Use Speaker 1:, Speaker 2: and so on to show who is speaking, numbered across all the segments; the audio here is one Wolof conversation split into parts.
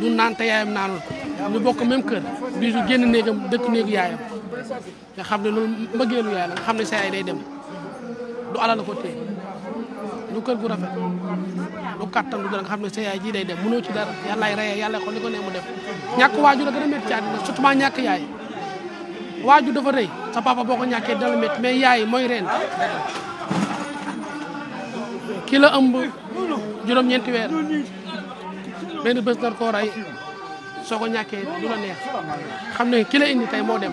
Speaker 1: du naan te yaayam naanul ñu bokk même kër bisu génn néegam dëkk néegu yaayam nga xam ne loolu mbëggeelu yaay la nga xam ne sa yaay day dem du alal la ko téye du kër gu rafet du kattan du dara nga xam ne sa yaay ji day dem mënoo ci dara yàllaay reye yàlla xool li ko ne mu def ñàkk waajur a gën a métti ci àddina surtout ñàkk yaay waajur dafa rëy sa papa boo ko ñàkkee dina met métti mais yaay mooy reen ki la ëmb juróom-ñeenti weer benn bés dara koo rey soo ko ñàkkee du la neex xam ne ki la indi tey moo dem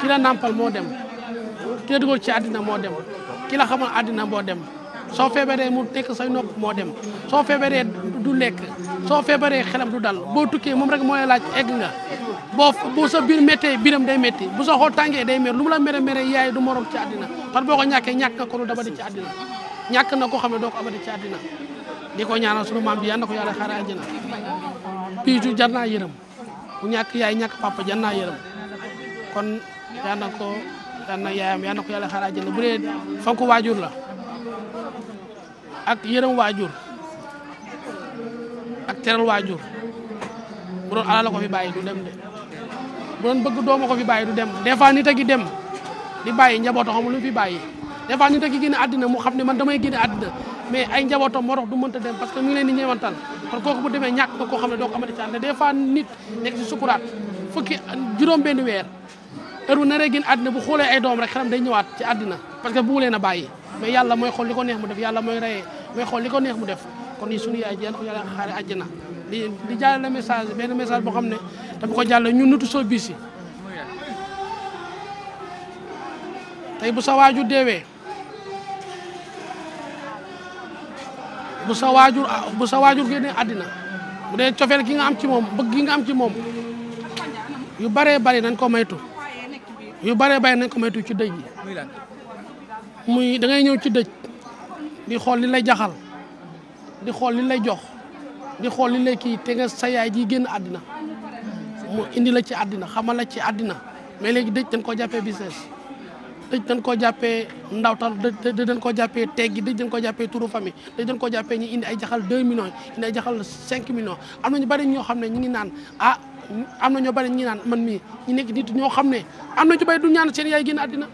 Speaker 1: ki la nàmpal moo dem ki la dugal ci àddina moo dem ki la xamal àddina moo dem soo feebaree mu nekk say nopp moo dem soo feebaree du lekk soo feebaree xelam du dal boo tukkee moom rek mooy laaj egg nga boo bu sa biir méttee biram day métti bu sa xool tàngee day mer lu mu la mere mere yaay du morom ci àddina parce que boo ko ñàkkee ñàkk nga ko lu dabadi ci àddina ñàkk na koo xam ne doo ko abadi ci àddina di ko ñaanal sunu maam bi yal na ko yàlla xaare àjjana piitu jar na yërëm bu ñàkk yaay ñàkk papa jar naa yërëm kon yal na ko yal na yaayam yal na ko yàlla xaare àjjana bu dee fonk waajur la ak yërëm waajur ak teral waajur bu doon ko fi bàyyi du dem de bu bëgg dooma ko fi bàyyi du dem des nit a gi dem di bàyyi njabooto xam lu mu fi bàyyi des nit a gi génn àddina mu xam ne man damay génn àddina mais ay njabootam moo tax du mënta dem parce que mu ngi leen di ñeewantal kon kooku bu demee ñàkk nga koo xam ne doo ko amati caan te des fois nit nekk ci sukuraat fukki juróom benn weer heure bu naree génn àddina bu xoolee ay doom rek xelam day ñëwaat ci àddina parce que bu leen a bàyyi mais yàlla mooy xool ko neex mu def yàlla mooy reyee mooy xool li ko neex def kon ni suñu yaay jeen ko yàlla xaare àjjana di di jàllale message benn message boo xam ne dama ko jàllale ñun nutu soo bis yi tey bu sa waaju deewee bu sa waajur ah, bu sa waajur génnee àddina bu dee cofeel gi nga am ci moom bëgg gi nga am ci moom yu baree bari nañ ko maytu yu bare bari nañ ko maytu ci dëj yi muy da ngay ñëw ci dëj di xool li lay jaxal di xool li lay jox di xool li lay kii te nga sa yaay ji génn àddina mu indi la ci àddina xamal la ci àddina mais léegi dëj dañ koo jàppee business dëj dañ koo jàppee ndawtal dëj dañ koo jàppee teggi dëj dañ koo jàppee turu famille dëj dañ koo jàppee ñi indi ay jaxal 2 millions indi ay jaxal cinq millions am na ñu bari ñoo xam ne ñu ngi naan a ah, am na ñoo bari ñi naan man mii ñu nekk nit ñoo xam ne am na ñu bari du ñaan seen yaay génn àddina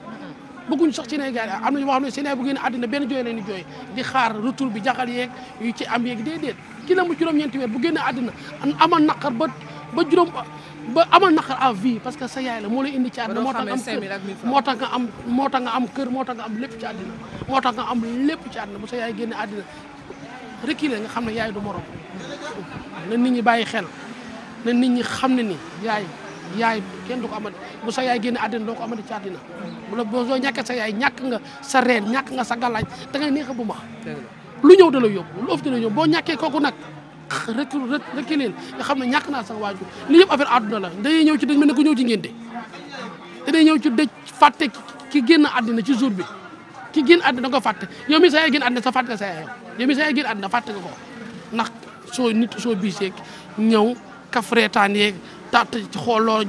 Speaker 1: bëgguñ sax seen ay gaay am na ñoo xam ne seen yaay bu génn àddina benn jooy leen di jooy di xaar retour bi jaxal yeeg yu ci am yeeg déedéet ki la mu juróom-ñeenti weer bu génn àddina amoon naqar ba ba juróom ba amal naqar à vi parce que sa yaay la moo lay indi ci àddina moo tax nga am kër moo tax nga am moo tax nga am kër moo tax nga am lépp ci àddina moo tax nga am lépp ci àddina bu sa yaay génne àddina reculer nga xam ne yaay du morom na nit ñi bàyyi xel na nit ñi xam ne ni yaay yaay kenn du ko amati bu sa yaay génne àddina doo ko amati ci àddina bu la boo soo ñàkkee sa yaay ñàkk nga sa reen ñàkk nga sa gàllaaj da ngay neex bu ma lu ñëw da la yóbbu lu ëf da boo ñàkkee kooku nag recu rëkke leen nga xam ne ñàkk naa sax waajur li yëpp affaire àdduna la dañuy ñëw ci dëj mel na ko ñëw ci de dañuy ñëw ci dëj fàtte ki génn àddina ci jour bi ki génn àddina nga ko fàtte yow mi sa yaay génn sa fàtte nga sa yaay àddina fàtte ko ndax soo nit soo biiseeg ñëw kaf reetaan yeeg tàtt ci xool loo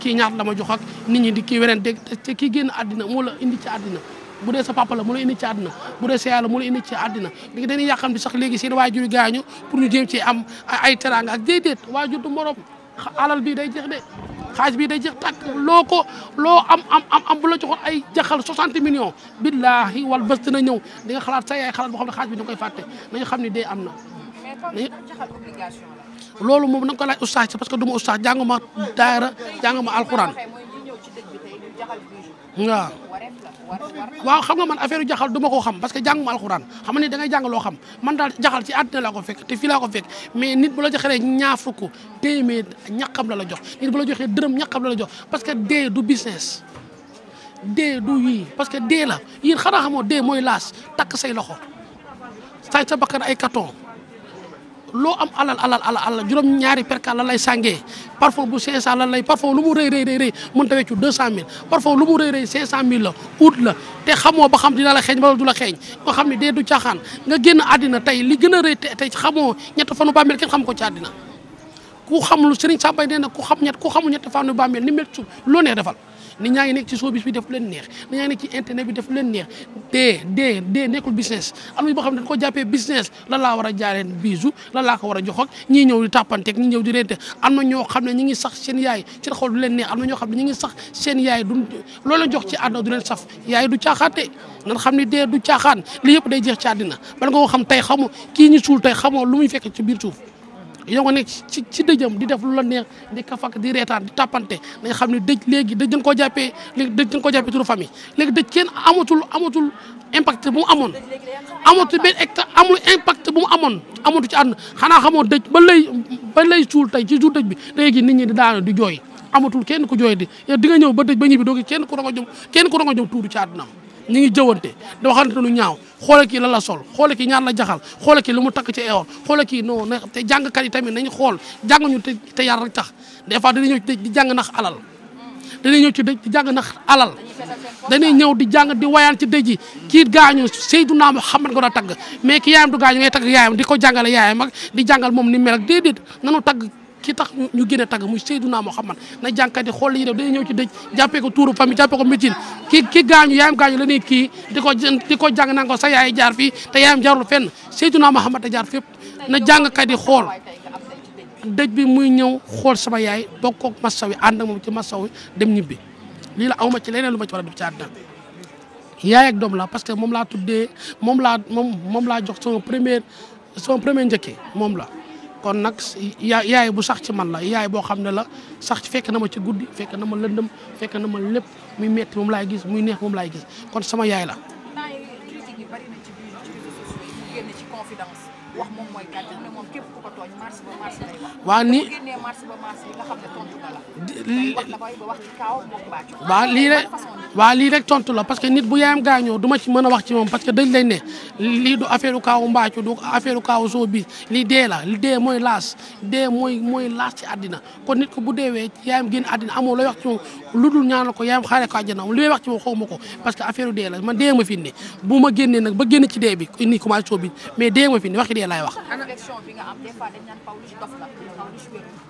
Speaker 1: kii ñaata la ma jox ak nit ñi di kii werante te kii génn àddina moo la indi ci àddina bu dee sa papa la mu la indi ci àddina bu dee sa yaay la mu la indi ci àddina léegi dañuy yàqam bi sax léegi seen waajur gaañu pour ñu jéem ci am ay teraanga ak déedéet waajur du morom alal bi day jeex de xaaj bi day jeex tàkk loo ko loo am am am am bu la joxoon ay jaxal 60 millions billaahi wal bés dina ñëw di nga xalaat sa yaay xalaat boo xam ne xaaj bi da koy fàtte nañu xam ne dee am na loolu moom na nga ko laaj ustaas parce que du ma ustaas jànguma daayira jànguma alxuraan waaw waaw xam nga man affaire jaxal du ma ko xam parce que jànguma alxuraan xam nga ni da ngay loo xam man daal jaxal ci àddina laa ko fekk te fii ko fekk mais nit bu la joxee ñaar fukk téeméer ñaqam la la jox nit bu la joxee dërëm ñaqam la la jox parce que dee du business dee du yii parce que dee la yéen xanaa xamoo dee mooy laas takk say loxo saay sa bakkan ay carton loo am alal alal alal alal juróom ñaari perka lan lay sàngee parfois bu 500 lan lay parfois lu mu rëy rëy rëy rëy mën ta weccu 200000 parfois lu mu rëy rëy 500000 la ut la te xamoo ba xam dina la xeeñ wala du la xeeñ nga xam ne dee du caaxaan nga génn àddina tey li gën a rëy tey xamoo ñett fanu bàmmeel kenn xam ko ci àddina ku xam lu Serigne Sambay nee na xam ñett ku xamul ñetti fànn bàmmeel ni mel suuf loo neex defal nit ñaa ngi nekk ci showbiz bi def leen neex nit ñaa ngi nekk ci internet bi def leen neex dee dee dee nekkul business boo xam ne dañ ko jàppee business lan laa war a jaareen biisu laa ko war a jox ak ñii ñëw di tàppanteeg ñii ñëw di rente am na ñoo xam ne ñi ngi sax seen yaay ci xool du leen neex am na ñoo xam ne ñi ngi sax seen yaay du loolu la jox ci àdduna du leen saf yaay du caaxaate nan xam ne dee du caaxaan li yëpp day jeex ci àddina man nga ko xam tey xamoo kii ñu suul tey xamoo lu muy fekk ci biir suuf yow nga nekk ci ci dëjëm di def lu la neex di kafak di reetaan di tàppante nañ xam ne dëj léegi dëj dañ koo jàppee léegi dëj dañ koo jàppee turu famille léegi dëj kenn amatul amatul impact bu mu amoon amatul benn hectare amul impact bu mu amoon amatul ci àdduna xanaa xamoo dëj ba lay ba lay suul tey ci jour dëj bi da ngay gis nit ñi di daanu di jooy amatul kenn ku jooy di yow di ñëw ba dëj ba ñibbi doo kenn ku rongo jom kenn ku rongo jëm tuuti ci àddunaam ñu ngi jëwante di waxante lu ñaaw xoole kii lan la sol xoole ki ñaan la jaxal xoole ki lu mu takk ci ewoon xoole kii non na te jàngkat yi tamit nañu xool jànguñu te te yar rek tax des fois dañuy ñëw ci di jàng nax alal dañuy ñëw ci dëj di nax alal dañuy ñëw di jàng di wayaan ci dëj yi kii gaañu Seydunaa Muhammad nga doon tagg mais ki yaayam du gaañu ngay tagg yaayam di ko jàngale yaayam ak di jàngal moom ni mel ak déedéet nanu tagg ki tax ñu gën a tagg muy Seydunaa Muhammad na jànkat yi xool li ñuy def day ñëw ci dëj jàppee ko tuuru famille jàppee ko métier ki ki gaañu yaayam gaañu la ni kii di ko di ko jàng naan ko sa yaay jaar fii te yaayam jaarul fenn Seydunaa Muhammad da jaar fépp na jàngkat yi xool dëj bi muy ñëw xool sama yaay bokk ak masaw yi ànd ak moom ci masaw yi dem ñibbi lii la awma ci leneen lu ma ci war a def ci àddina yaay ak doom la parce que moom laa tuddee moom laa moom moom laa jox sama première sama premier njëkkee moom la kon nag yaay bu sax ci man la yaay boo xam ne la sax ci fekk na ma ci guddi fekk na ma lëndëm fekk na ma lépp muy metti moom laay gis muy neex moom laay gis kon sama yaay la. waa ni waaw lii rek waaw lii rek tontu la parce que nit bu yaayam gaañoo duma ci mën a wax ci moom parce que dañ lay ne lii du affaire kaawu mbaacu du affaire kaawu soo bi lii dee la dee mooy laas dee mooy mooy laas ci addina kon nit ko bu deewee yaayam génn àddina amoo lay wax ci moom lu dul ñaanal ko yaayam xaaree ko àjjana li may wax ci moom xaw ma ko parce que affaire dee la man dee ma fi ne bu ma génnee nag ba génn ci dee bi nii commencé soo bi mais dee ma fi ne waxi dee laay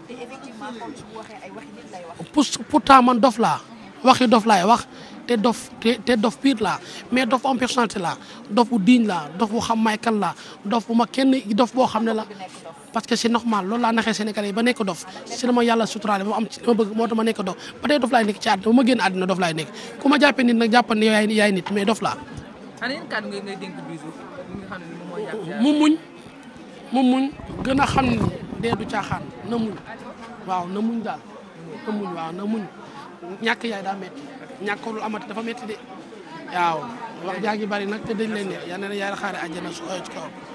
Speaker 1: te effectivement comme su waxee ay waxi wax. man dof laa. waxi dof laay wax te dof te te dof pire laa mais dof am personnalité laa dof bu diiñ laa dof bu xam may kan laa dof bu ma kenn dof boo xam ne la. parce que c'est normal lool laa naxee Sénégalais yi ba nekk dof si dama yàlla suturaale ma am ci ma bëgg moo tax ma nekk dof ba tey dof laay nekk ci àddina bu ma génn àddina dof laay nekk ku ma jàppee nit nag jàppal ne yaay yaay nit mais dof laa. xanaa mu muñ mu muñ gën a xam dee du caaxaan na muñ waaw na muñ daal na muñ waaw na muñ ñàkk yaay daa metti ñàkkoolu amati dafa metti de waaw wax jaa ngi bari nag te dañ leen ne yal na yaay xaare àjjana su oyof